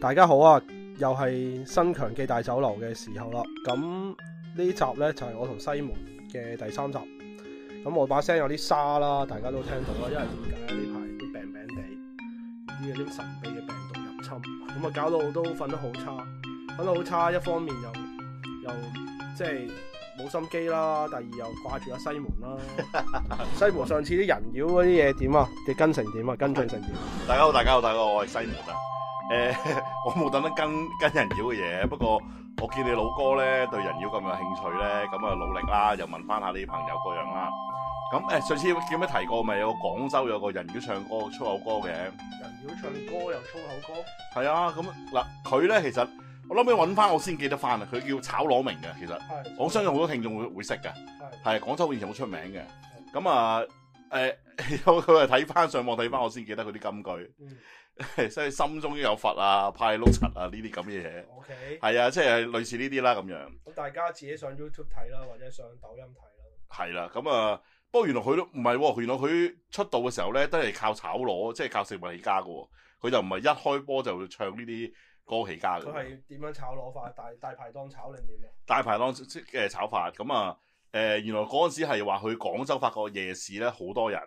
大家好啊！又係新強記大酒樓嘅時候啦。咁呢集咧就係、是、我同西門嘅第三集。咁我把聲有啲沙啦，大家都聽到啦。因為點解呢排都病病地，呢個啲神秘嘅病毒入侵，咁啊搞到都瞓得好差，瞓得好差。一方面又又即係冇心機啦，第二又掛住阿西門啦。 西門上次啲人妖嗰啲嘢點啊？你跟成點啊？跟進成點、啊？成啊、 大家好，大家好，大家好，我係西門啊！誒、欸，我冇等得跟跟人妖嘅嘢，不過我見你老哥咧對人妖咁有興趣咧，咁啊努力啦，又問翻下呢啲朋友各樣啦。咁誒、呃，上次叫咩提過咪有個廣州有個人妖唱歌粗口歌嘅？人妖唱歌又粗口歌？係啊，咁嗱，佢咧其實我諗起揾翻我先記得翻啊，佢叫炒螺明嘅，其實，我，我，其實的我相信好多聽眾會會識噶，係廣的州以前好出名嘅，咁啊。誒，佢係睇翻上網睇翻，我先記得佢啲金句，即係、嗯、 心中已有佛啊，派碌柒啊呢啲咁嘅嘢。O K，係啊，即係類似呢啲啦咁樣。咁大家自己上 YouTube 睇啦，或者上抖音睇啦。係啦、啊，咁啊，不過原來佢都唔係喎，原來佢出道嘅時候咧，都係靠炒螺，即係靠食物起家噶。佢就唔係一開波就會唱呢啲歌起家嘅。佢係點樣炒螺法？大大排檔炒定點啊？大排檔嘅炒,炒法咁啊。誒，原來嗰陣時係話去廣州發覺夜市咧好多人，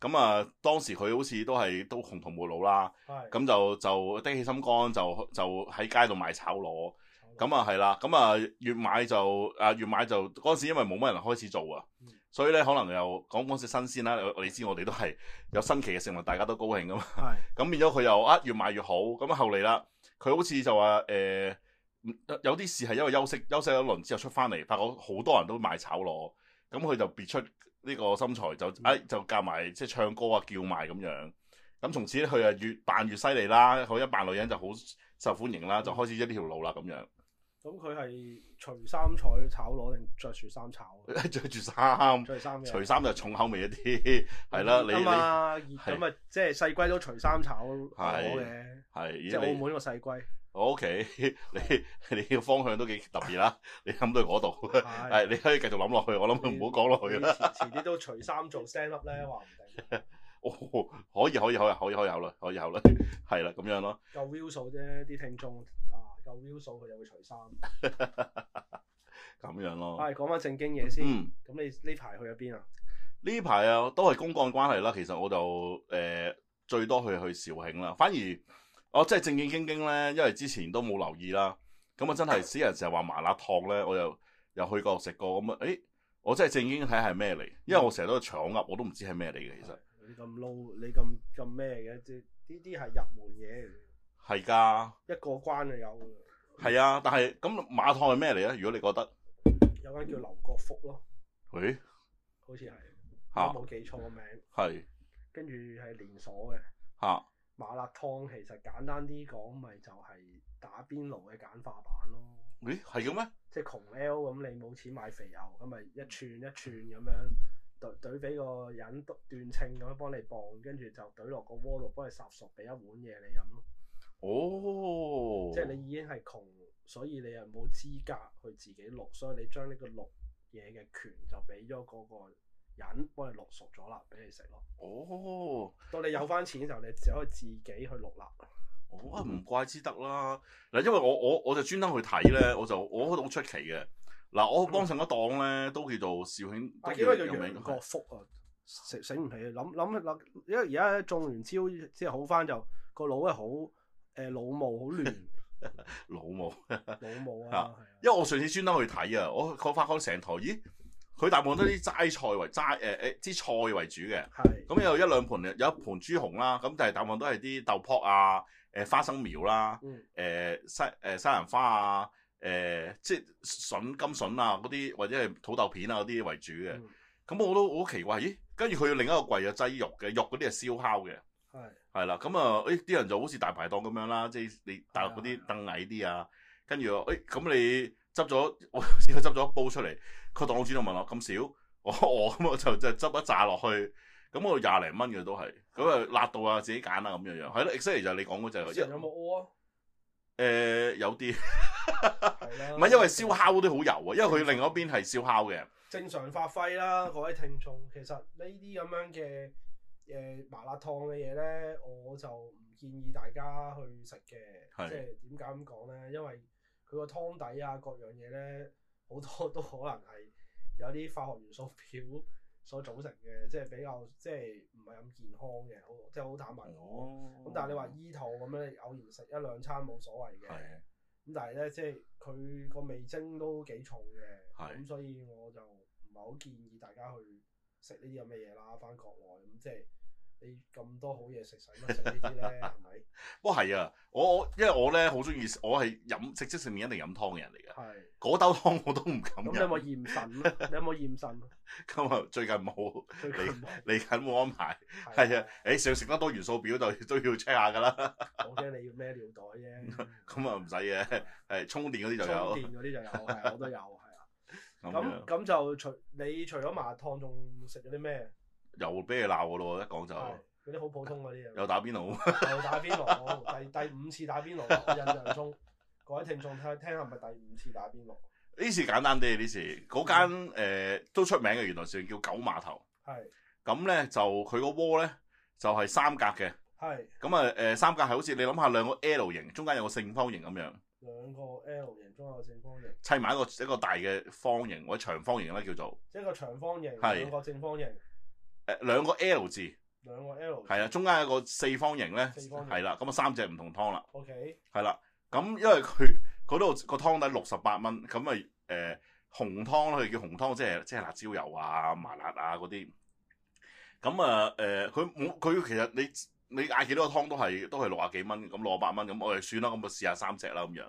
咁啊當時佢好似都係都窮途末路啦，咁的就就的起心肝就就喺街度賣炒螺，咁啊係啦，咁啊越買就啊越買就嗰陣時因為冇乜人開始做啊，嗯、所以咧可能又講嗰陣時新鮮啦，你知我哋都係有新奇嘅食物，大家都高興噶嘛，咁變咗佢又啊越買越好，咁後嚟啦，佢好似就話誒。呃呃有啲事係因為休息休息一輪之後出翻嚟，發覺好多人都賣炒螺，咁佢就別出呢個心裁就誒就夾埋即係唱歌啊叫賣咁樣，咁從此佢啊越扮越犀利啦，佢一扮女人就好受歡迎啦，就開始一條路啦咁樣。咁佢係除衫彩炒螺定着住衫炒着住衫，除住衫就重口味一啲，係啦你。咁啊，即係細龜都除衫炒螺嘅，係即係澳門個細龜。我屋企，你你個方向都幾特別啦，啊， 你諗到去嗰度，係 你可以繼續諗落去。我諗唔好講落去啦。遲啲都除衫做 stand up 咧，話唔定。哦 喔，可以可以可以可以可以考慮，可以考慮，係啦，咁 樣咯。夠 view 數啫，啲聽眾啊夠 view 數，佢就會除衫。咁 樣咯。係講翻正經嘢先。嗯。咁你呢排去咗邊啊？呢排啊，都係公幹關係啦。其實我就誒、呃、最多去去肇慶啦，反而，反而。哦，即係正正經經咧，因為之前都冇留意啦，咁啊真係死人成日話麻辣燙咧，我又又去過食過，咁啊，誒，我真係正經睇係咩嚟？因為我成日都去搶鴨，我都唔知係咩嚟嘅，其實。你咁 low，你咁咁咩嘅？即呢啲係入門嘢嚟。係噶的。一過關就有。係啊，但係咁麻辣燙係咩嚟咧？如果你覺得。有間叫劉國福咯。誒、欸。好似係。吓哈。我冇記錯個名。係的。的跟住係連鎖嘅。吓。麻辣湯其實簡單啲講，咪就係打邊爐嘅簡化版咯。咦，係嘅咩？即係窮 L 咁，你冇錢買肥牛，咁咪一串一串咁樣攤攤俾個人斷稱咁幫你磅，跟住就攤落個鍋度幫你烚熟，俾一碗嘢你飲咯。哦，即係你已經係窮，所以你又冇資格去自己淥，所以你將呢個淥嘢嘅權就俾咗嗰個。人幫你落熟咗啦，俾你食咯。哦，到你有翻錢嘅時候，你只可以自己去落啦。哦，唔怪之得啦。嗱，因為我我我就專登去睇咧，我就我覺得好出奇嘅。嗱、啊，我幫襯嗰檔咧都叫做肇慶，但係因為名個名過福啊，醒醒唔起，諗諗諗，因為而家中完招之後好翻就個腦咧好，誒腦霧好亂，腦霧 老毛，腦 霧啊， 因為我上次專登去睇啊，我我發覺成台咦～佢大部分都係啲齋菜為齋誒誒啲菜為主嘅，係咁的、嗯嗯、有一兩盤有一盤豬紅啦，咁但係大部分都係啲豆卜啊、誒花生苗啦、誒西誒、欸、西蘭花啊、誒、欸、即係筍金筍啊嗰啲或者係土豆片啊嗰啲為主嘅。咁、嗯、我都好奇怪，咦？跟住佢有另一個櫃有雞肉嘅，肉嗰啲係燒烤嘅，係係啦。咁啊，誒啲、欸、人就好似大排檔咁樣啦，即、就、係、是、你搭嗰啲凳矮啲啊，跟住誒咁你。嗯執咗我試過執咗煲出嚟，佢當我主動問我咁少，我我咁我就就執一紮落去，咁我廿零蚊嘅都係，咁啊、嗯、辣度啊自己揀啦咁樣樣，係咯 exactly 就係你講嗰就係、是。正常有冇屙、啊？誒、呃，有啲，唔係 的因為燒烤都好油啊，因為佢另外一邊係燒烤嘅。正常發揮啦，各位聽眾，其實呢啲咁樣嘅誒麻辣燙嘅嘢咧，我就唔建議大家去食嘅，即係點解咁講咧？因為佢個湯底啊，各樣嘢咧，好多都可能係有啲化學元素表所組成嘅，即係比較即係唔係咁健康嘅，即係好淡白咁。咁、哦、但係你話醫肚咁咧，偶然食一兩餐冇所謂嘅。咁是的 但係咧，即係佢個味精都幾重嘅，咁是的 所以我就唔係好建議大家去食呢啲咁嘅嘢啦，翻國內咁即係。你咁多好嘢食，使乜食呢啲咧？係咪？不過係啊，我我因為我咧好中意，我係飲食即食麵，一定飲湯嘅人嚟嘅。係。嗰兜湯我都唔敢飲。咁你有冇驗腎？你有冇驗腎？咁啊，最近冇。最近冇。嚟緊冇安排。係啊。誒，想食得多元素表就都要 check 下噶啦。我驚你要咩尿袋啫。咁啊，唔使嘅。係充電嗰啲就有。充電嗰啲就有，我都有，係啊。咁咁就除你除咗麻辣燙，仲食咗啲咩？又俾你鬧我咯，一講就嗰啲好普通嗰啲嘢，又打邊爐，又打邊爐，第第五次打邊爐，印象中各位聽眾睇下聽下係咪第五次打邊爐？呢次簡單啲，呢次嗰間都出名嘅，原來算叫九碼頭。係。咁咧就佢個窩咧就係三格嘅。係。咁啊誒三格係好似你諗下兩個 L 型，中間有個正方形咁樣。兩個 L 型中，有個正方形。砌埋一個一個大嘅方形或者長方形咧，叫做即係一個長方形，兩個正方形。誒，兩個 L 字，兩個 L，係啦，中間有個四方形咧，係啦，咁啊三隻唔同湯啦，OK，係啦，咁因為佢佢度個湯底六十八蚊，咁咪誒紅湯佢叫紅湯，即係即係辣椒油啊、麻辣啊嗰啲，咁啊誒，佢冇佢其實你你嗌幾多個湯都係都係六啊幾蚊，咁六啊八蚊，咁我哋算啦，咁咪試下三隻啦咁樣，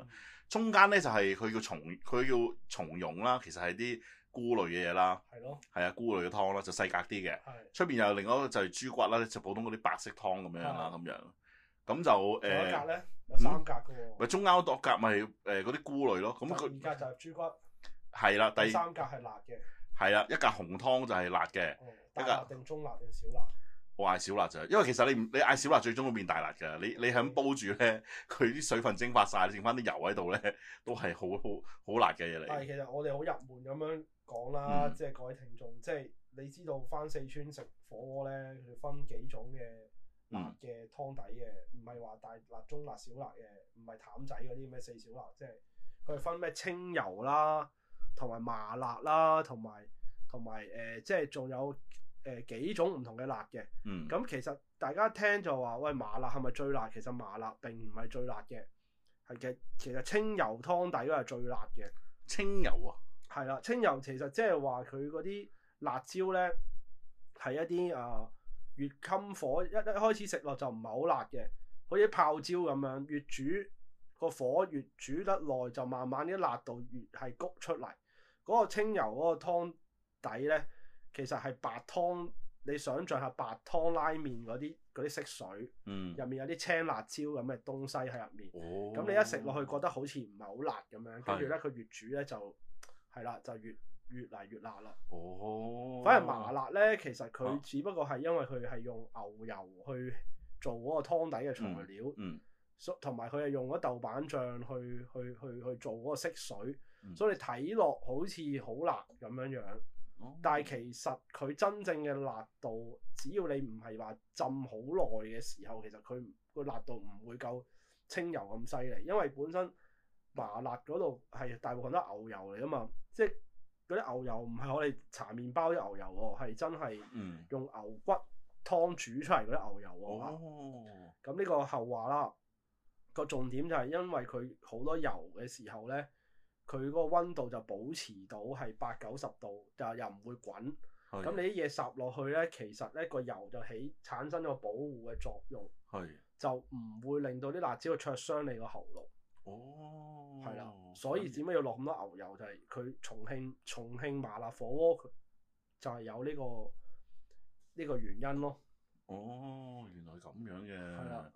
中間咧就係、是、佢叫松佢叫松茸啦，其實係啲。菇類嘅嘢啦，係咯的，係啊，菇類嘅湯啦，就細格啲嘅，出的面又另外一個就係豬骨啦，就普通嗰啲白色湯咁樣啦，咁樣，咁的就誒，一格咧，嗯、有三格嘅喎，咪中間嗰格咪誒嗰啲菇類咯，咁佢二格就豬骨，係啦的，第三格係辣嘅，係啦，一格紅湯就係辣嘅，大辣定中辣定小辣，我嗌小辣就，因為其實你你嗌小辣最終會變大辣噶，你你係煲住咧，佢啲水分蒸發晒，剩翻啲油喺度咧，都係好好好辣嘅嘢嚟。係，其實我哋好入門咁樣。講啦，嗯、即係各位聽眾，即係你知道返四川食火鍋咧，佢分幾種嘅辣嘅湯底嘅，唔係話大辣、中辣、小辣嘅，唔係淡仔嗰啲咩四小辣，即係佢係分咩清油啦，同埋麻辣啦，同埋同埋誒，即係仲有誒、呃、幾種唔同嘅辣嘅。嗯，咁其實大家聽就話喂麻辣係咪最辣？其實麻辣並唔係最辣嘅，係嘅，其實清油湯底都係最辣嘅。清油啊！係啦，清油其實即係話佢嗰啲辣椒呢，係一啲誒越襟火，一一開始食落就唔係好辣嘅，好似泡椒咁樣。越煮個火越煮得耐，就慢慢啲辣度越係谷出嚟。嗰、嗰個清油嗰個湯底呢，其實係白湯，你想象下白湯拉麵嗰啲啲色水，嗯，入面有啲青辣椒咁嘅東西喺入面。哦，咁你一食落去覺得好似唔係好辣咁樣，跟住呢，佢越煮呢就～係啦，就越越嚟越辣啦。哦，反而麻辣呢，其實佢只不過係因為佢係用牛油去做嗰個湯底嘅材料，嗯，同埋佢係用咗豆瓣醬去去去，去做嗰個色水，嗯，所以你睇落好似好辣咁樣樣，嗯，但係其實佢真正嘅辣度，只要你唔係話浸好耐嘅時候，其實佢個辣度唔會夠清油咁犀利，因為本身。.麻辣嗰度係大部分都牛油嚟啊嘛，即係嗰啲牛油唔係我哋搽麵包啲牛油喎，係真係用牛骨湯煮出嚟嗰啲牛油喎。咁呢、嗯、個後話啦，個重點就係因為佢好多油嘅時候呢，佢個溫度就保持到係八九十度，就又唔會滾。咁係你啲嘢滲落去呢，其實呢個油就起產生咗保護嘅作用，係就唔會令到啲辣椒灼傷你個喉嚨。哦，係啦，所以點解要落咁多牛油？就係、是、佢重慶重慶麻辣火鍋佢就係有呢、這個呢、這個原因咯。哦，原來咁樣嘅，的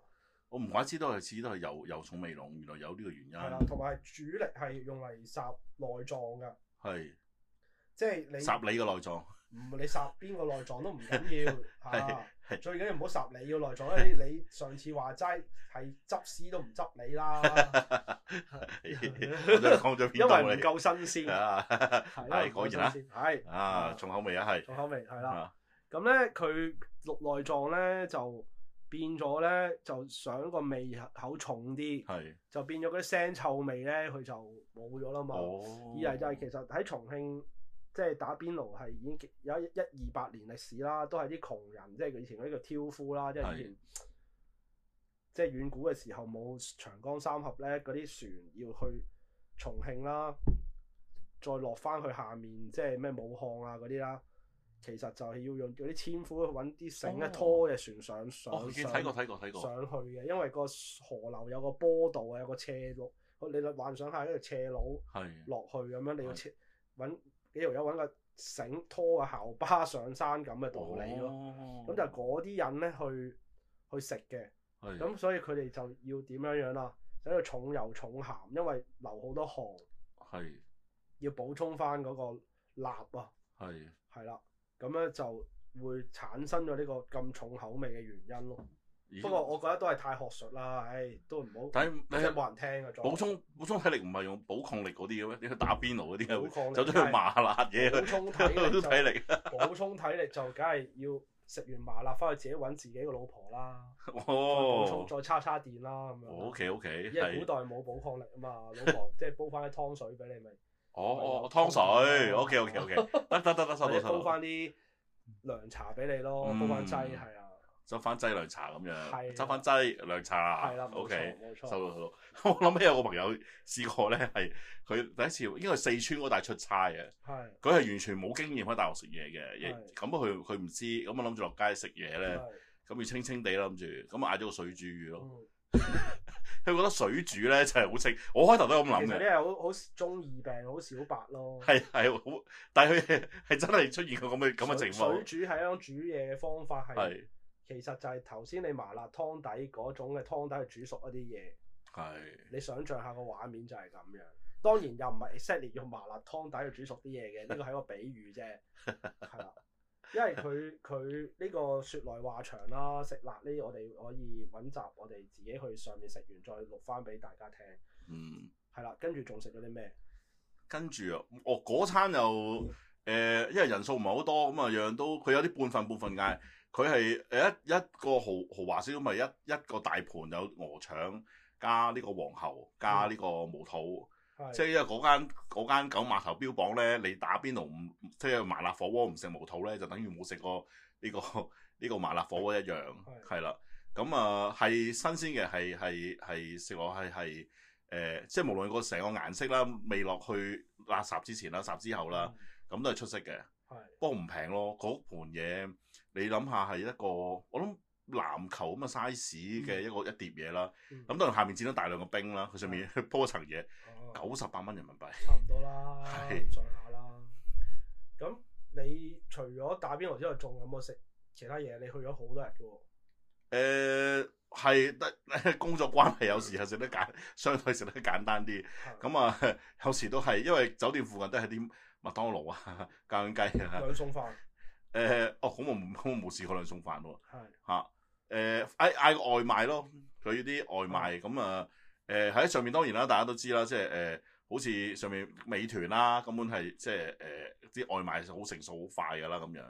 我唔怪之都係似都係油油重味濃，原來有呢個原因。係啦，同埋主力係用嚟殺內臟噶，係即係你殺你，內臟你，你個內臟，唔你殺邊個內臟都唔緊要。啊最緊要唔好殺你嘅內臟，你上次話齋係執屎都唔執你啦。因為唔夠新鮮，係 的果然啦、啊，係啊，重口味啊，係重口味，係啦。咁咧佢內臟咧就變咗咧，就想一個味口重啲，係的就變咗嗰啲腥臭味咧，佢就冇咗啦嘛。二嚟、哦、就係其實喺重慶。即係打邊爐係已經有一一,一二百年歷史啦，都係啲窮人，即係以前嗰啲叫挑夫啦，是即係以前即係遠古嘅時候冇長江三峽咧，嗰啲船要去重慶啦，再落翻去下面即係咩武漢啊嗰啲啦，其實就係要用嗰啲纖夫去搵啲繩咧拖嘅船上上，哦、睇過睇過睇過上去嘅，因為個河流有個坡度啊，有個斜路，你幻想一下一條斜路落去咁樣，是你要斜搵。幾條友揾個繩拖個校巴上山咁嘅道理咯，咁、oh. 就嗰啲人咧去去食嘅。咁是所以佢哋就要點樣樣啦，喺度重油重鹹，因為流好多汗，係是要補充翻嗰個鈉啊，係係啦，咁咧是就會產生咗呢個咁重口味嘅原因咯。不過我覺得都係太學術啦，唉，都唔好，睇，冇人聽啊！補充補充體力唔係用補抗力嗰啲嘅咩？你去打邊爐嗰啲，補抗力。走咗去麻辣嘢去，補充體力，補充體力就梗係要食完麻辣翻去自己揾自己個老婆啦。哦，補充再叉叉電啦咁樣。O K O K。因為古代冇補抗力啊嘛，老婆即係煲翻啲湯水俾你咪。哦哦，湯水。O K O K O K。得得得得，煲翻啲涼茶俾你咯，煲翻劑係啊。執翻劑涼茶咁樣，執翻劑涼茶，係啦，OK 收到收到。我諗起有個朋友試過咧，係佢第一次，因為四川嗰帶出差嘅，係佢係完全冇經驗喺大學食嘢嘅，係咁佢佢唔知，咁啊諗住落街食嘢咧，係咁的要清清地啦，諗住咁啊嗌咗個水煮魚咯，佢、嗯、 覺得水煮咧就係好清，我開頭都係咁諗嘅，其實好好中二病好小白咯，係係好，但係佢係真係出現過咁嘅咁嘅情況，水煮係一種煮嘢嘅方法係對。 其實就係頭先你麻辣湯底嗰種嘅湯底去煮熟一啲嘢，係的你想象下個畫面就係咁樣。當然又唔係 exactly 用麻辣湯底去煮熟啲嘢嘅，呢個係一個比喻啫，係啦。 因為佢佢呢個説來話長啦，食辣呢，我哋可以揾集我哋自己去上面食完再錄翻俾大家聽。嗯，係啦，跟住仲食咗啲咩？跟住啊，我、哦、嗰餐又誒、呃，因為人數唔係好多，咁啊樣樣都佢有啲半份半份嗌。 佢係誒一一個豪豪華少少咪一一個大盤，有鵝腸加呢個黃喉加呢個毛肚，的即係因為嗰間嗰間九碼頭標榜呢，你打邊爐唔即係麻辣火鍋唔食毛肚呢，就等於冇食過呢個呢個麻辣火鍋一樣，係啦的。咁啊係新鮮嘅，係係係食落係係誒，即係無論個成個顏色啦、未落去垃圾之前垃圾之後啦，咁都係出色嘅的。不過唔平咯，嗰盤嘢。你諗下係一個我諗籃球咁嘅 size 嘅一個一碟嘢啦，咁當然下面剪咗大量嘅冰啦，佢上面鋪一層嘢，九十八蚊人民幣，差唔多啦，再下啦。咁是你除咗打邊爐之外，仲有冇食其他嘢？你去咗好多日嘅喎。誒、欸，係得工作關係，有時係食得簡， 相對食得簡單啲。咁啊是的，有時都係因為酒店附近都係啲麥當勞啊、咖喱雞啊、兩餸飯。誒哦，咁我冇試過兩餸飯喎。係嚇嗌嗌個外賣咯，佢啲外賣咁啊誒喺上面當然啦，大家都知啦，即係誒好似上面美團啦，根本係即係誒啲外賣就好成熟好快噶啦咁樣。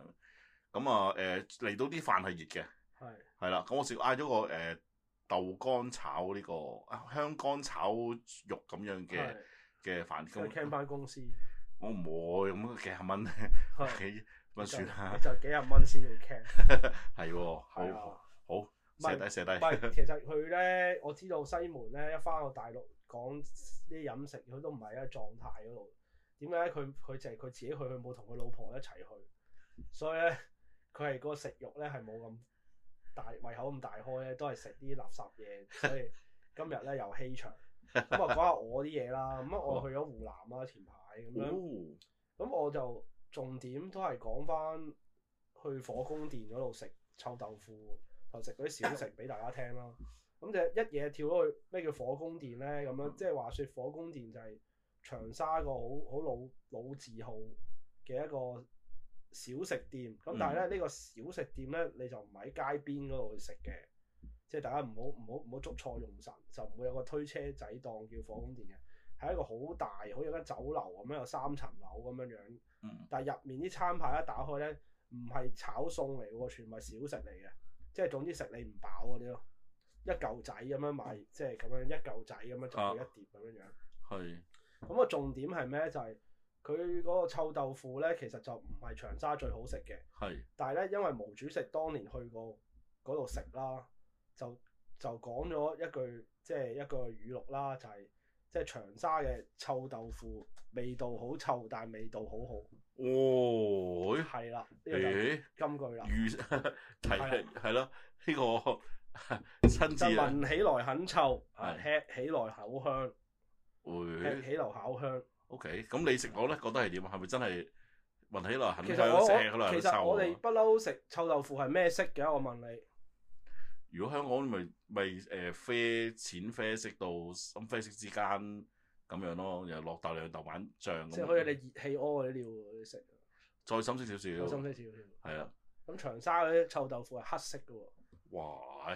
咁啊誒嚟到啲飯係熱嘅，係係啦。咁我試嗌咗個誒豆乾炒呢個香乾炒肉咁樣嘅嘅飯。聽翻公司，我唔會咁幾十蚊。咪算啦，就幾廿蚊先會傾，係喎，好，好，寫低寫低。唔係，其實佢咧，我知道西門咧，一返到大陸講啲飲食，佢都唔係一個狀態嗰度。點解？佢佢就係佢自己去，佢冇同佢老婆一齊去，所以咧，佢係嗰個食慾咧係冇咁大胃口咁大開咧，都係食啲垃圾嘢。所以今日咧又稀長，咁啊講下我啲嘢啦。咁啊，我去咗湖南啦，前排咁樣，咁我就。重點都係講翻去火宮殿嗰度食臭豆腐，就食嗰啲小食俾大家聽啦。咁就一嘢跳咗去咩叫火宮殿咧？咁樣即係話説火宮殿就係長沙一個好好老老字號嘅一個小食店。咁但係咧呢、嗯、個小食店咧，你就唔喺街邊嗰度去食嘅，即係大家唔好唔好唔好捉錯用神，就唔會有個推車仔檔叫火宮殿嘅。係一個好大，好似間酒樓咁樣，有三層樓咁樣樣。但係入面啲餐牌一打開咧，唔係炒餸嚟嘅，全部係小食嚟嘅。即係總之食你唔飽嗰啲咯，一嚿仔咁樣買，即係咁樣一嚿仔咁樣做一碟咁樣樣。係、啊。咁啊重點係咩？就係佢嗰個臭豆腐咧，其實就唔係長沙最好食嘅。係。但係咧，因為毛主席當年去過嗰度食啦，就就講咗一句，即係一句語錄啦，就係。即係長沙嘅臭豆腐，味道好臭，但係味道好好。哦，係、哎、啦，呢的個金句啦。預提係咯，呢個親自就聞起來很臭，係吃起來口香。會、哎、吃起嚟口香。OK，咁你食我咧覺得係點啊？係咪真係聞起來很臭，食起來，其實我哋不嬲食臭豆腐係咩色嘅？我問你。如果香港咪咪誒啡，淺啡色到深啡色之間咁樣咯，又落大量豆瓣醬咁。即係好似你熱氣屙嗰啲料食，再深色少少。深色少少，係啊的。咁長沙嗰啲臭豆腐係黑色嘅喎。哇！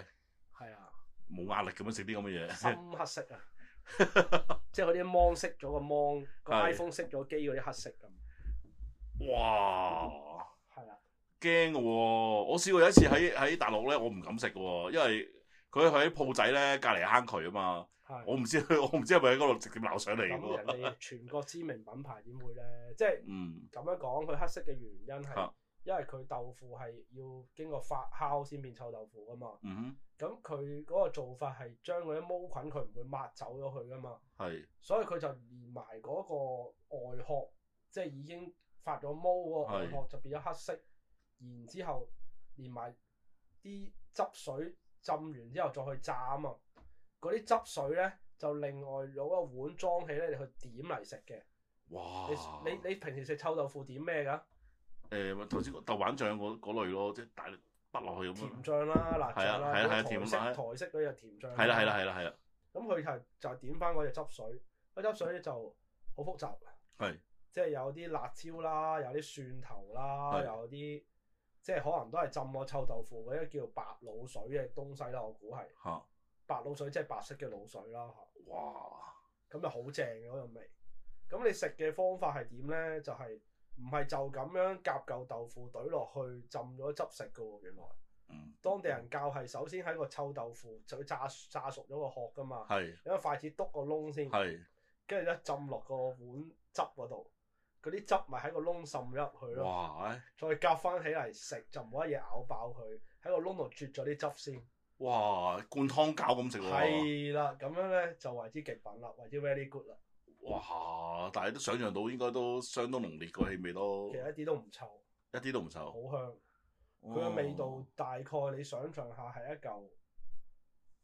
係啊。冇壓力咁樣食啲咁嘅嘢。深黑色啊，即係嗰啲芒熄咗個芒，個 iPhone 熄咗機嗰啲黑色咁。哇！驚嘅、哦，我試過有一次喺喺大陸咧，我唔敢食嘅、哦，因為佢喺鋪仔咧隔籬坑渠啊嘛，的我唔知佢，我唔知係咪喺嗰度直接流上嚟的人哋全國知名品牌點會咧？即係咁樣講，佢黑色嘅原因係、啊、因為佢豆腐係要經過發酵先變臭豆腐啊嘛。嗯，咁佢嗰個做法係將嗰啲毛菌佢唔會抹走咗佢噶嘛。係的，所以佢就連埋嗰個外殼，即、就、係、是、已經發咗毛嗰個外殼就變咗黑色。然之後，連埋啲汁水浸完之後再去炸啊嘛！嗰啲汁水咧就另外攞個碗裝起咧，你去點嚟食嘅。哇！你你平時食臭豆腐點咩㗎？誒，頭先個豆瓣醬嗰類咯，即係大力揼落去咁。甜醬啦，辣椒啦，台式台式嗰隻甜醬。係啦，係啦，係啦，係啦。咁佢係就係點翻嗰隻汁水，嗰汁水咧就好複雜，係即係有啲辣椒啦，有啲蒜頭啦，有啲。即係可能都係浸咗臭豆腐或者叫白滷水嘅東西啦，我估係。嚇！白滷水即係白色嘅滷水啦。哇！咁又好正嗰種味。咁你食嘅方法係點呢？就係唔係就咁樣夾嚿豆腐堆落去浸咗汁食㗎喎？原來。嗯。當地人教係首先喺個臭豆腐就炸炸熟咗個殼㗎嘛。係是。用筷子篤個窿先。跟住是一浸落個碗汁嗰度。嗰啲汁咪喺個窿滲咗入去咯，嘩再夾翻起嚟食就冇乜嘢咬爆佢，喺個窿度啜咗啲汁先。哇！灌湯餃咁食喎。係啦，咁樣咧就為之極品啦，為之 very good 啦。哇！但係都想像到應該都相當濃烈個氣味咯。其實一啲都唔臭。一啲都唔臭。好香，佢嘅、嗯、味道大概你想像下係一嚿，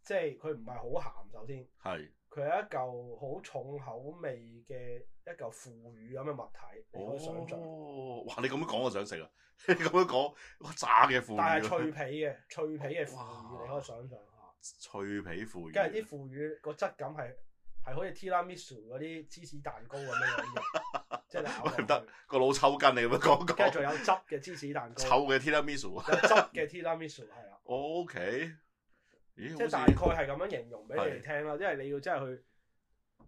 即係佢唔係好鹹首先。係的。佢係一嚿好重口味嘅一嚿腐乳咁嘅物體，你可以想象。哦，哇！你咁樣講我想食啊。你咁樣講，炸嘅腐乳。但係脆皮嘅，脆皮嘅腐乳，你可以想象下。脆皮腐乳。跟住啲腐乳個質感係係好似 Tiramisu 嗰啲芝士蛋糕咁樣樣， 即係你落唔得，個腦抽筋你咁樣講講。跟住仲有汁嘅芝士蛋糕。臭嘅 Tiramisu 有汁嘅 Tiramisu 係啊。Oh、OK。誒即係大概係咁樣形容俾你哋聽啦，的因為你要真係去，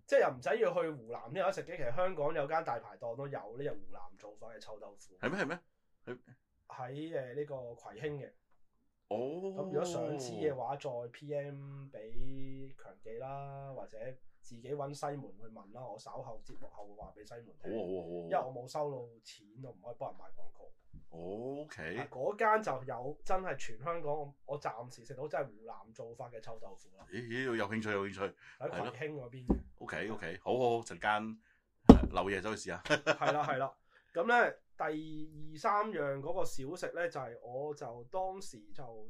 即係又唔使要去湖南呢？我食嘅其實香港有間大排檔都有呢，隻湖南做法嘅臭豆腐。係咩？係咩？喺誒呢個葵興嘅。哦。咁如果想知嘅話，再 P.M. 俾強記啦，或者自己揾西門去問啦。我稍後節目後會話俾西門。哦哦哦。因為我冇收到錢，我唔可以幫人賣廣告。O K，嗰間就有真係全香港我我暫時食到真係湖南做法嘅臭豆腐咯。咦咦，有興趣有興趣，喺葵興嗰邊 O K O K，好好好，一陣間漏夜走去試下。係啦係啦，咁咧 第二三樣嗰個小食咧就係、是、我就當時就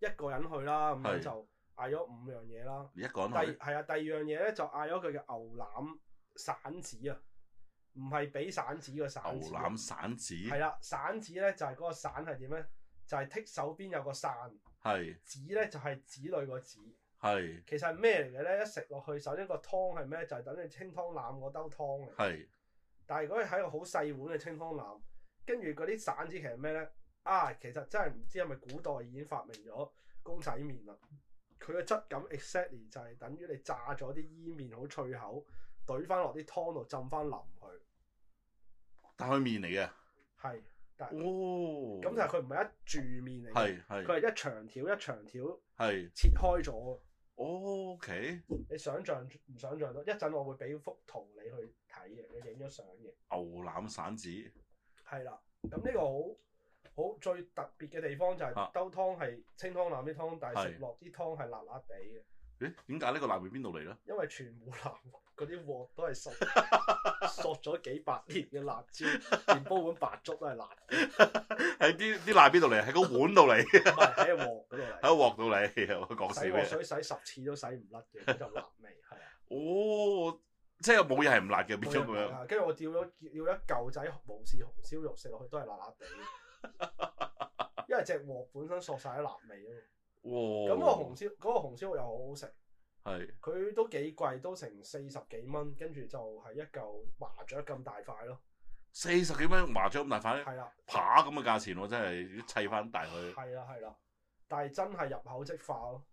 一個人去啦，咁是就嗌咗五樣嘢啦。一個人係係啊，第二樣嘢咧就嗌咗佢嘅牛腩散子啊。唔係俾散子個散，牛腩散子，係啦，散子咧就係、係、嗰個散係點咧？就係、係、剔手邊有個散係子咧，就係、係、子女個子」係。係其實係咩嚟嘅咧？一食落去，首先個湯係咩？就係、係、等於清湯腩嗰兜湯嚟。係係但係如果係喺個好細碗嘅清湯腩，跟住嗰啲散子其實咩咧？啊，其實真係唔知係咪古代已經發明咗公仔麵啦？佢嘅質感 exactly 就係等於你炸咗啲伊麵好脆口，懟翻落啲湯度浸翻腍。打開麵嚟嘅，係哦，咁就佢唔係一住麵嚟嘅，佢係一長條一長條，係，切開咗。哦，OK，你想象唔想象到？一陣我會俾幅圖你去睇嘅，你影咗相嘅。牛腩散子，係啦，咁呢個好好最特別嘅地方就係、是啊、兜湯係清湯腩啲湯，但係食落啲湯係辣辣地嘅。誒，點解呢個辣味邊度嚟咧？因為全部辣嗰啲鑊都係熟索咗幾百年嘅辣椒，連煲碗白粥都係辣嘅。喺啲啲辣邊度嚟？喺個碗度嚟？喺個鑊嗰度嚟？喺個鑊度嚟？講笑。我洗水洗十次都洗唔甩嘅， 就辣味係啊。哦，即係冇嘢係唔辣嘅， 變咗咁樣。跟住我掉咗調一舊仔無事紅燒肉食落去都係辣辣地，因為隻鑊本身索晒啲辣味咯。咁哇個紅燒嗰、那個紅燒肉又好好食，係佢是都幾貴，都成四十幾蚊，跟住就係一嚿麻雀咁大塊咯。四十幾蚊麻雀咁大塊，係啦的，扒咁嘅價錢喎，真係砌翻大佢。係啦係啦，但係真係入口即化咯。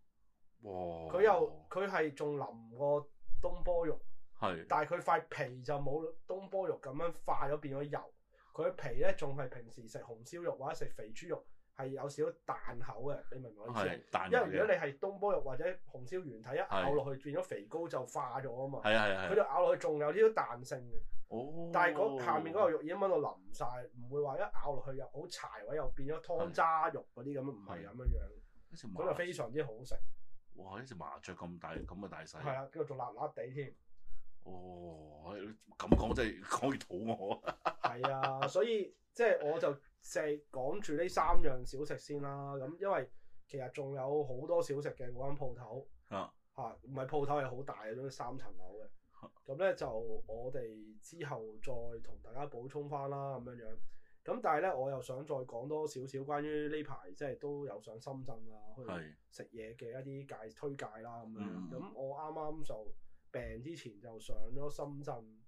佢哇又佢係仲淋過東坡肉軟軟軟，係的，但係佢塊皮就冇東坡肉咁樣化咗變咗油，佢皮咧仲係平時食紅燒肉或者食肥豬肉。係有少少彈口嘅，你明唔明意思？因為如果你係東坡肉或者紅燒元蹄，一咬落去變咗肥膏就化咗啊嘛。係啊，係佢就咬落去仲有啲啲彈性嘅。哦。但係下面嗰嚿肉已經炆到淋晒，唔會話一咬落去又好柴位，又變咗湯渣肉嗰啲咁，唔係咁樣樣。嗰麻雀非常之好食。哇！呢隻麻雀咁大咁嘅大細。係啊，跟住仲辣辣地添。哦，咁講真係講肚餓。係啊，所以即係我就。即係講住呢三樣小食先啦，咁因為其實仲有好多小食嘅，嗰間鋪頭，嚇，唔係鋪頭係好大嘅，都三層樓嘅。咁咧、啊、就我哋之後再同大家補充翻啦，咁樣樣。咁但係咧，我又想再講多少少關於呢排即係都有上深圳啊，去食嘢嘅一啲介推介啦，咁是樣。咁、嗯、我啱啱就病之前就上咗深圳。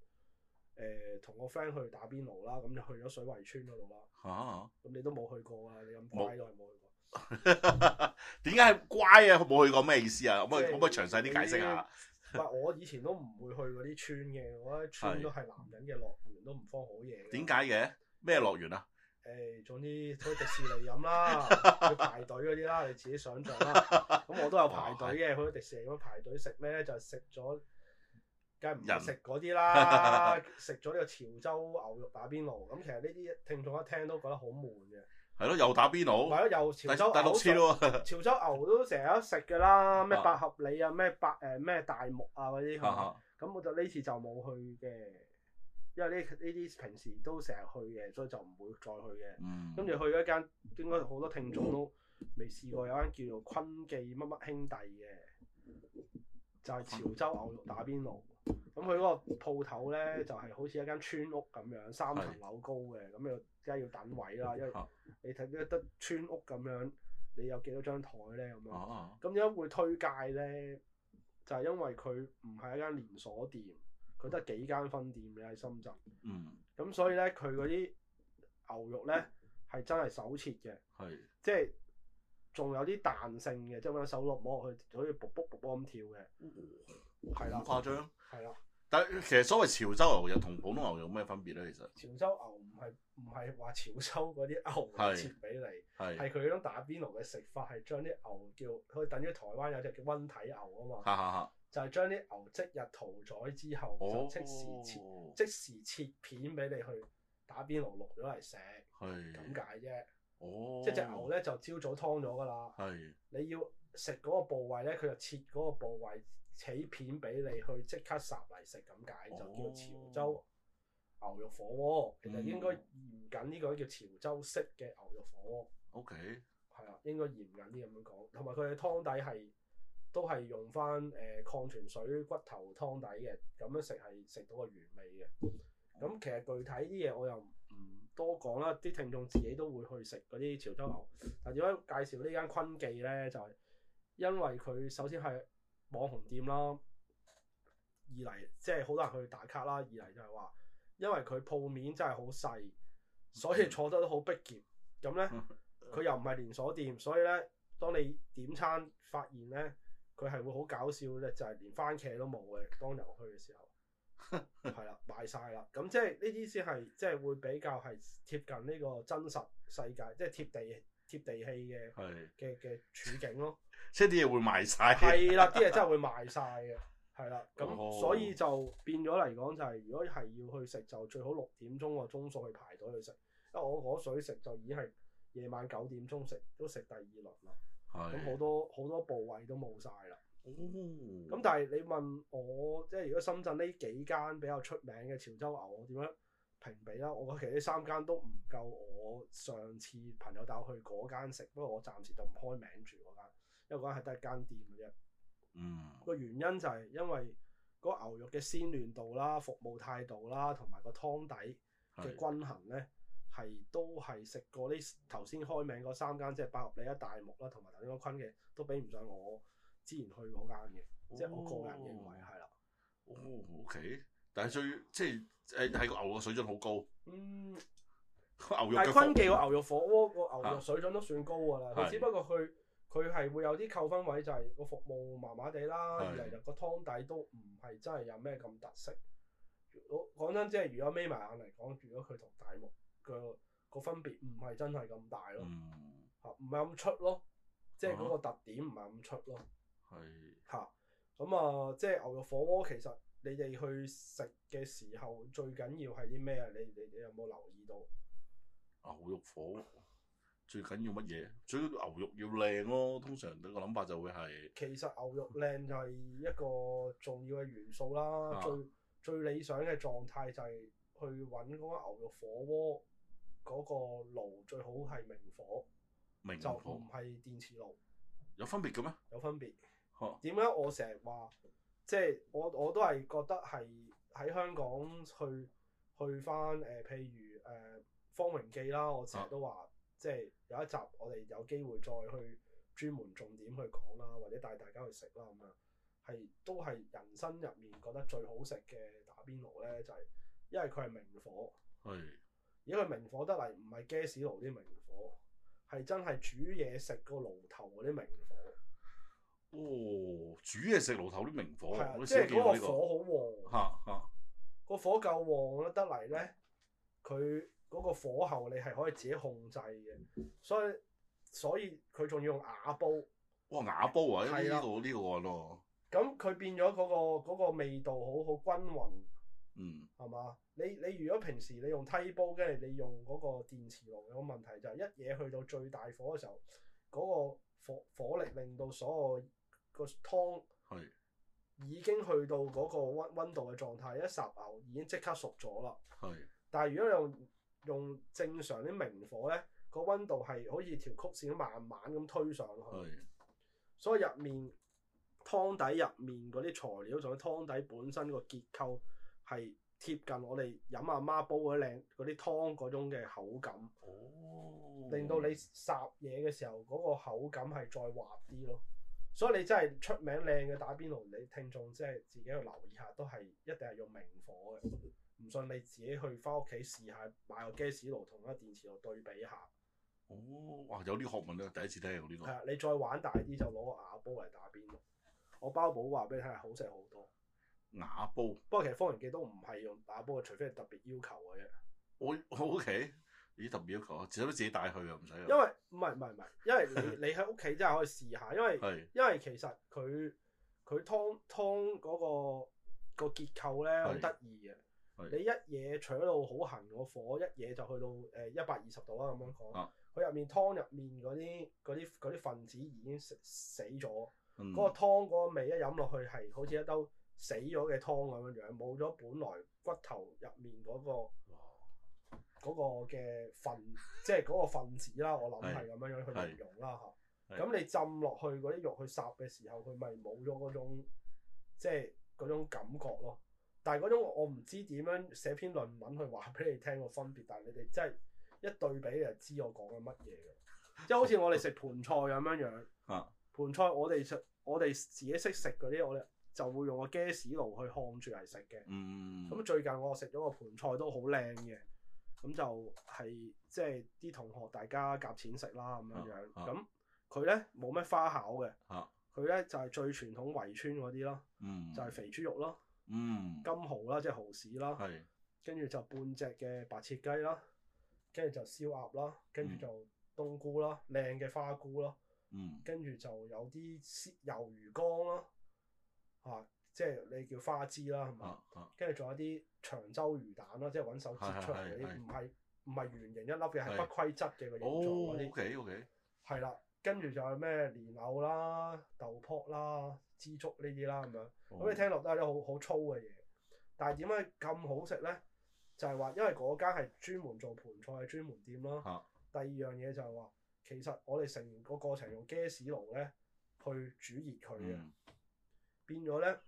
同個 friend 去打邊爐啦，咁就去咗水圍村嗰度啦。嚇、啊！咁你都冇去過啊？你咁乖、啊、都係冇去過。點解係乖啊？冇去過咩意思啊？可唔、就是、可以詳細啲解釋下？唔，我以前都唔會去嗰啲村嘅，我覺得村都係男人嘅樂園，的都唔放好嘢。點解嘅？咩樂園啊？誒、哎，總之去迪士尼飲啦， 去排隊嗰啲啦，你自己想像啦。咁 我都有排隊嘅， 去迪士尼咁排隊食咩？就食咗。梗係唔食嗰啲啦，食咗呢個潮州牛肉打邊爐。咁其實呢啲聽眾一聽都覺得好悶嘅。係咯，又打邊爐。係咯，又潮州牛。第，第六次咯。潮州牛都成日都食㗎啦，咩八 合里啊，咩八誒咩大木啊嗰啲。咁 我就呢次就冇去嘅，因為呢呢啲平時都成日去嘅，所以就唔會再去嘅。跟住、嗯、去咗一間，應該好多聽眾都未試過，有間叫做坤記乜乜兄弟嘅，就係、是、潮州牛肉打邊爐。咁佢嗰個鋪頭咧，就係、是、好似一間村屋咁樣，三層樓高嘅。咁又梗係要等位啦，因為你睇得村屋咁樣，你有幾多張台咧？咁樣咁點解會推介咧，就係、是、因為佢唔係一間連鎖店，佢得幾間分店你喺深圳。嗯，咁所以咧，佢嗰啲牛肉咧係真係手切嘅的，即係仲有啲彈性嘅，即係攞手落摸落去好似卜卜卜卜咁跳嘅，係啦，唔誇係啦，但其實所謂潮州牛又同普通牛有咩分別咧？其實潮州牛唔係唔係話潮州嗰啲牛切俾你，係佢嗰種打邊爐嘅食法，係將啲牛叫佢等於台灣有隻叫溫體牛啊嘛，就係將啲牛即日屠宰之後即時切即時切片俾你去打邊爐落咗嚟食，係咁解啫。哦，即隻牛咧就朝早劏咗噶啦，係你要食嗰個部位咧，佢就切嗰個部位。起片俾你去即刻烚嚟食咁解，就叫潮州牛肉火鍋。哦、其實應該嚴謹呢個叫潮州式嘅牛肉火鍋。O K. 係啊，應該嚴謹啲咁樣講。同埋佢嘅湯底係都係用翻誒礦泉水骨頭湯底嘅，咁樣食係食到個原味嘅。咁其實具體啲嘢我又唔多講啦，啲聽眾自己都會去食嗰啲潮州牛。但點解介紹呢間坤記咧？就係、因為佢首先係。網紅店啦，二嚟即係好多人去打卡啦，二嚟就係話，因為佢鋪面真係好細，所以坐得都好逼狹。咁呢，佢 又唔係連鎖店，所以呢，當你點餐發現呢，佢係會好搞笑咧，就係、是、連番茄都冇嘅。當入去嘅時候，係啦， 賣晒啦。咁即係呢啲先係即係會比較係貼近呢個真實世界，即係貼地貼地氣嘅嘅嘅處境咯。即係啲嘢會賣晒，係啦，啲嘢真係會賣晒嘅，係啦， 咁、oh. 所以就變咗嚟講就係、是，如果係要去食就最好六點鐘個鐘數去排隊去食，因為我嗰水食就已經係夜晚九點鐘食，都食第二輪啦，咁好、oh. 多好多部位都冇晒啦，咁、oh. 但係你問我即係如果深圳呢幾間比較出名嘅潮州牛我點樣評比啦？我覺得其實呢三間都唔夠我上次朋友帶我去嗰間食，不過我暫時就唔開名住嗰間。一講係得一間店嘅啫，嗯，個原因就係因為嗰牛肉嘅鮮嫩度啦、服務態度啦、同埋個湯底嘅均衡咧，係是都係食過呢頭先開名嗰三間，即係百合里一大木啦，同埋頭先個坤嘅，都比唔上我之前去嗰間嘅，即係、哦、我個人認為係啦。哦，OK，但係最即係誒係個牛嘅水準好高。嗯，牛肉。但係坤記個牛肉火鍋個牛肉水準都算高噶啦，啊、只不過去。佢係會有啲扣分位，就係、是、個服務麻麻地啦，而日個湯底都唔係真係有咩咁特色。我講真，即係如果眯埋眼嚟講，如果佢同大木嘅個分別唔係真係咁大咯，嚇唔係咁出咯，啊、即係嗰個特點唔係咁出咯。係嚇咁啊！即係牛肉火鍋，其實你哋去食嘅時候最緊要係啲咩啊？你你你有冇留意到？牛肉火鍋。最緊要乜嘢？最牛肉要靚咯。通常個諗法就會係其實牛肉靚就係一個重要嘅元素啦。 最最理想嘅狀態就係去揾嗰個牛肉火鍋嗰個爐，最好係明火，明火就唔係電磁爐。有分別嘅咩？有分別。嚇，點解我成日話即係我我都係覺得係喺香港去去翻誒、呃，譬如誒、呃、方榮記啦，我成日都話。 即係有一集，我哋有機會再去專門重點去講啦，或者帶大家去食啦咁樣，係都係人生入面覺得最好食嘅打邊爐咧，就係因為佢係明火。係是。如果佢明火得嚟，唔係 gas 爐啲明火，係真係煮嘢食個爐頭嗰啲明火。哦，煮嘢食爐頭啲明火，的係啊，即係嗰個火好、呢個、旺。嚇嚇。個火夠旺得嚟咧，佢。嗰個火候你係可以自己控制嘅，所以所以佢仲要用瓦煲。哇，瓦煲啊，因為呢度呢個咯。咁佢變咗嗰個嗰個味道好好均勻，嗯，係嘛？你你如果平時你用梯煲，跟住你用嗰個電磁爐，有個問題就係一嘢去到最大火嘅時候，嗰個火火力令到所有個湯係已經去到嗰個溫溫度嘅狀態，一霎牛已經即刻熟咗啦。係，但係如果你用用正常啲明火呢、個温度係好似條曲線咁慢慢咁推上去，嗯、所以入面湯底入面嗰啲材料，仲有湯底本身個結構係貼近我哋飲阿媽，媽煲靚嗰啲湯嗰種嘅口感，哦、令到你霎嘢嘅時候嗰、個口感係再滑啲咯。所以你真係出名靚嘅打邊爐，你聽眾即係自己去留意下，都係一定係用明火嘅。唔信你自己去翻屋企試下，買個 gas 爐同個電磁爐對比一下。哦，哇，有啲學問咧，第一次聽用呢個。係啊，你再玩大啲就攞個瓦煲嚟打邊爐。我包保話俾你聽，係好食好多。瓦煲。不過其實《方圓記》都唔係用瓦煲嘅，除非特別要求嘅啫。我我 OK，咦？特別要求，使唔使自己帶去啊？唔使啊。因為唔係唔係唔係，因為你你喺屋企真係可以試下， 因為因為其實佢佢湯湯嗰、嗰個、嗰個結構咧好得意嘅。你一嘢灼到好痕個火，一嘢就去到誒一百二十度啦。咁樣講，佢入、啊、面湯入面嗰啲啲啲分子已經死死咗，嗰、嗯、個湯嗰個味一飲落去係好似一兜死咗嘅湯咁樣樣，冇咗本來骨頭入面嗰、嗰個嗰、嗰個嘅份， 即係嗰個分子啦。我諗係咁樣 樣去形容啦嚇。咁是 你浸落去嗰啲肉去烚嘅時候，佢咪冇咗嗰種即係嗰種感覺咯。但係嗰種我唔知點樣寫篇論文去話俾你聽個分別，但係你哋真係一對比你就知我講緊乜嘢嘅。即係好似我哋食盤菜咁樣樣，啊、盤菜我哋食我哋自己識食嗰啲，我哋就會用個 gas 爐去烘住嚟食嘅。咁、嗯、最近我食咗個盤菜都好靚嘅，咁就係、就係、就係、即係啲同學大家夾錢食啦咁樣樣。咁佢咧冇咩花巧嘅，佢咧、啊、就係、係、最傳統圍村嗰啲咯，嗯、就係肥豬肉咯。嗯，金蠔啦，即係蠔豉啦，係是，跟住就半隻嘅白切雞啦，跟住就燒鴨啦，跟住就冬菇啦，靚嘅花菇啦，嗯，跟住就有啲鮮魷魚乾啦，啊，即係你叫花枝啦，係嘛，跟住仲有啲長洲魚蛋啦，即係搵手切出嚟啲，唔係唔係圓形一粒嘅，係是不規則嘅個形狀啲，O K O K，係啦，跟住是 okay, okay. 就咩蓮藕啦、豆卜啦。 支竹呢啲啦咁樣，咁你、嗯、聽落都係啲好好粗嘅嘢，但係點解咁好食咧？就係、是、話因為嗰間係專門做盤菜嘅專門店咯。啊、第二樣嘢就係話，其實我哋成個過程用 gas 爐咧去煮熱佢嘅，嗯、變咗咧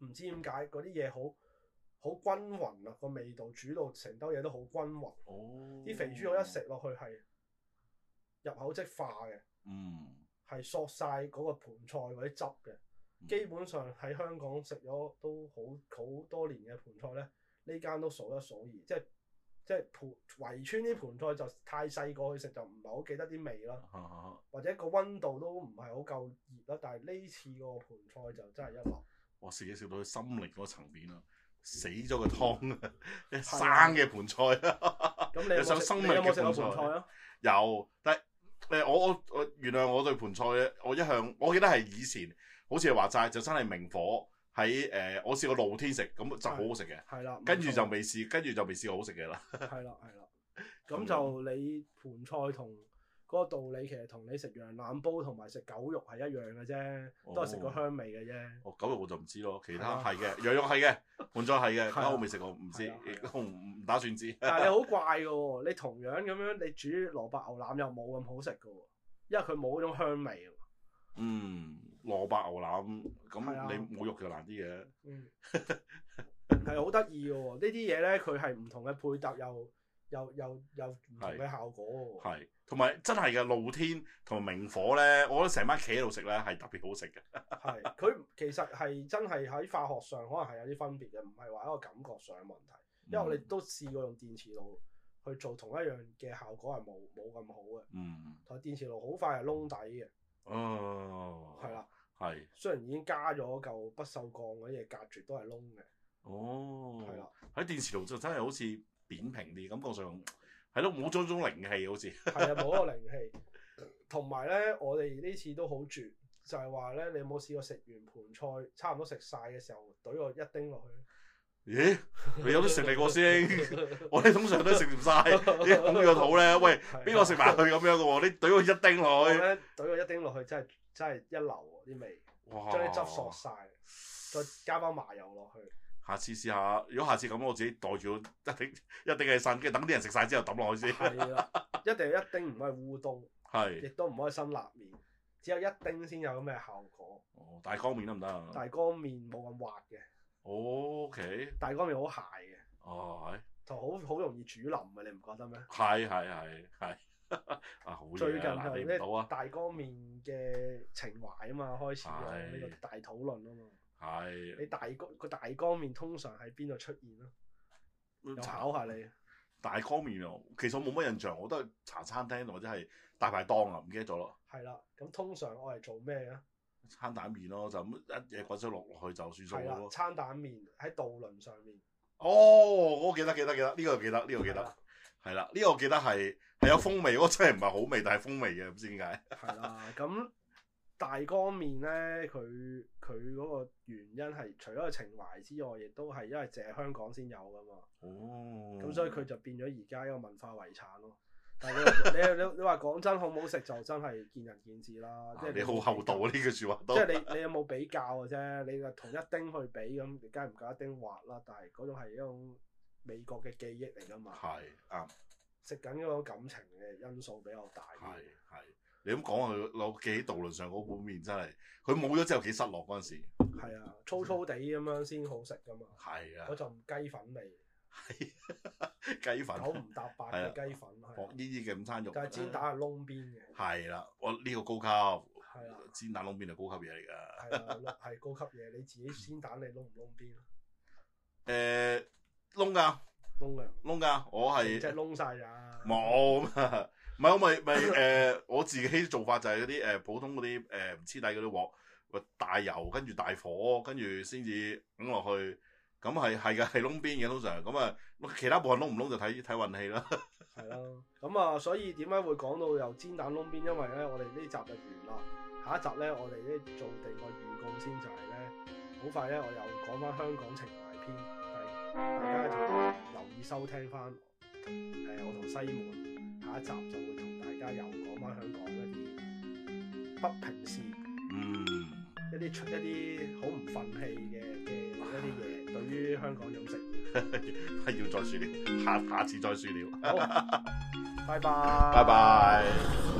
唔知點解嗰啲嘢好好均勻啊，個味道煮到成兜嘢都好均勻。哦！啲肥豬肉一食落去係入口即化嘅。嗯。係索晒嗰個盤菜或者汁嘅，基本上喺香港食咗都好好多年嘅盤菜咧，呢間都數一數二，即係即係盤圍村啲盤菜就太細個去食就唔係好記得啲味啦，啊啊、或者個温度都唔係好夠熱啦，但係呢次個盤菜就真係一流。我食嘢食到去心靈嗰層面咯，死咗個湯啊，嗯、 生嘅盤菜啊，的 你有冇食到盤菜啊， 有，但係。誒，我我我原諒我對盆菜嘅，我一向我記得係以前，好似話齋就真係明火喺誒、呃，我試過露天食，咁就好好食嘅。係啦，跟住就未試，冇錯，跟住就未試，跟住就未試過好食嘅啦。係啦係啦，咁 就你盆菜同。嗰個道理其實同你食羊腩煲同埋食狗肉係一樣嘅啫，哦、都係食個香味嘅啫。哦，狗肉我就唔知咯，其他係嘅， 羊肉係嘅，罐裝係嘅，但、 啊、我未食過，唔知，唔、啊啊、打算知。但係你好怪嘅喎，你同樣咁樣你煮蘿蔔牛腩又冇咁好食嘅喎，因為佢冇嗰種香味。嗯，蘿蔔牛腩咁你冇肉就難啲嘅。嗯、啊，係好得意嘅喎，呢啲嘢咧佢係唔同嘅配搭又。又又又唔同嘅效果喎，係同埋真係嘅露天同明火咧，我覺得成班企喺度食咧係特別好食嘅。係 佢其實係真係喺化學上可能係有啲分別嘅，唔係話一個感覺上嘅問題，因為我哋都試過用電磁爐去做同一樣嘅效果係冇冇咁好嘅。嗯，同埋電磁爐好快係窿底嘅。哦，係啦的，係的雖然已經加咗嚿不鏽鋼嘅嘢隔絕，都係窿嘅。哦，係啦，喺電磁爐就真係好似～扁平啲，感覺上係咯，冇咗種靈氣，好似係啊冇嗰個靈氣。同埋咧，我哋呢次都好絕，就係話咧，你有冇試過食完盤菜差唔多食晒嘅時候，懟個一丁落去？咦、欸？你有冇食嚟過先？ 我哋通常都食唔晒，啲拱住個肚咧。喂，邊個食埋佢咁樣嘅喎？你懟佢一丁落去，懟個一丁落去真係真係一流喎！啲味將啲哇汁索晒，再加包麻油落去。下次試下，如果下次咁，我自己袋住一丁一丁嘅生，跟住等啲人食晒之後抌落去先。係啦的，一定 一丁唔可以烏冬，係是，亦都唔可以辛辣麵，只有一丁先有咁嘅效果。哦，大江麵得唔得 啊？大江麵冇咁滑嘅。O K。大江麵好鞋嘅。哦。同好好容易煮腍嘅，你唔覺得咩？係係係係。啊好！最近係咩？大江麵嘅情懷啊嘛，開始有呢個大討論啊嘛。係你大江個大江麵通常喺邊度出現咯？炒下你大江麵啊，其實我冇乜印象，我都係茶餐廳或者係大排檔啊，唔記得咗咯。係啦，咁通常我係做咩嘅？餐蛋麵咯，就一嘢滾咗落去就算數。餐蛋麵喺渡輪上面。哦，我記得記得記得，呢個記得呢個記得，係啦，呢個我記得係係有風味，我真係唔係好味，但係風味嘅，唔知點解。係啦，咁。大光麵呢，佢佢嗰個原因係除咗個情懷之外，亦都係因為淨係香港先有㗎嘛。咁、哦、所以佢就變咗而家一個文化遺產咯。但係你 你你你話講真好唔好食就真係見仁見智啦。啊、即係你好厚道呢句説話，即係你你有冇比較嘅、啊、啫？ 你話同一丁去比咁，你梗係唔夠一丁滑啦。但係嗰種係一種美國嘅記憶嚟㗎嘛。係啊，食緊嗰個感情嘅因素比較大啲。係你咁講啊，我記喺渡輪上嗰碗麵真係，佢冇咗之後幾失落嗰陣時。係啊，粗粗地咁樣先好食噶嘛。係啊，我就唔雞粉味。係雞粉。九唔搭八嘅雞粉。薄依依嘅午餐肉。但係煎蛋係燶邊嘅。係啦，我呢個高級。係啦。煎蛋燶邊係高級嘢嚟㗎。係啦，係高級嘢。你自己煎蛋你燶唔燶邊？誒燶㗎。燶㗎。燶㗎，我係。即係燶曬㗎。冇唔係我咪咪誒，我自己做法就係嗰啲誒普通嗰啲誒唔黐底嗰啲鑊，個大油跟住大火，跟住先至揼落去，咁係係嘅，係窿邊嘅通常。咁啊，其他部分窿唔窿就睇睇運氣啦。係咯，咁啊，所以點解會講到油煎蛋窿邊？因為咧，我哋呢集就完啦，下一集咧，我哋咧做定個預告先就呢，就係咧好快咧，我又講翻香港情懷篇，係大家留意收聽翻，誒我同西門。下一集就會同大家又講翻香港一啲不平事，一啲、嗯、出一啲好唔憤氣嘅嘅哇一啲嘢，對於香港飲食，係 要再説了，下下次再説了。好，拜拜，拜拜。